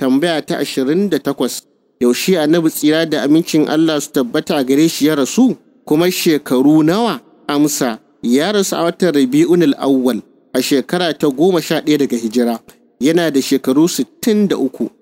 tambaya ta ashirin da takwas, yaushe annabi tsira da amincin Allah su tabbata gare shi ya rasu kuma shekaru nawa amsa ya rasu a watan Rabi'un al-Awwal a shekara ta goma sha ɗaya daga hijira yana da shekaru sittin da uku.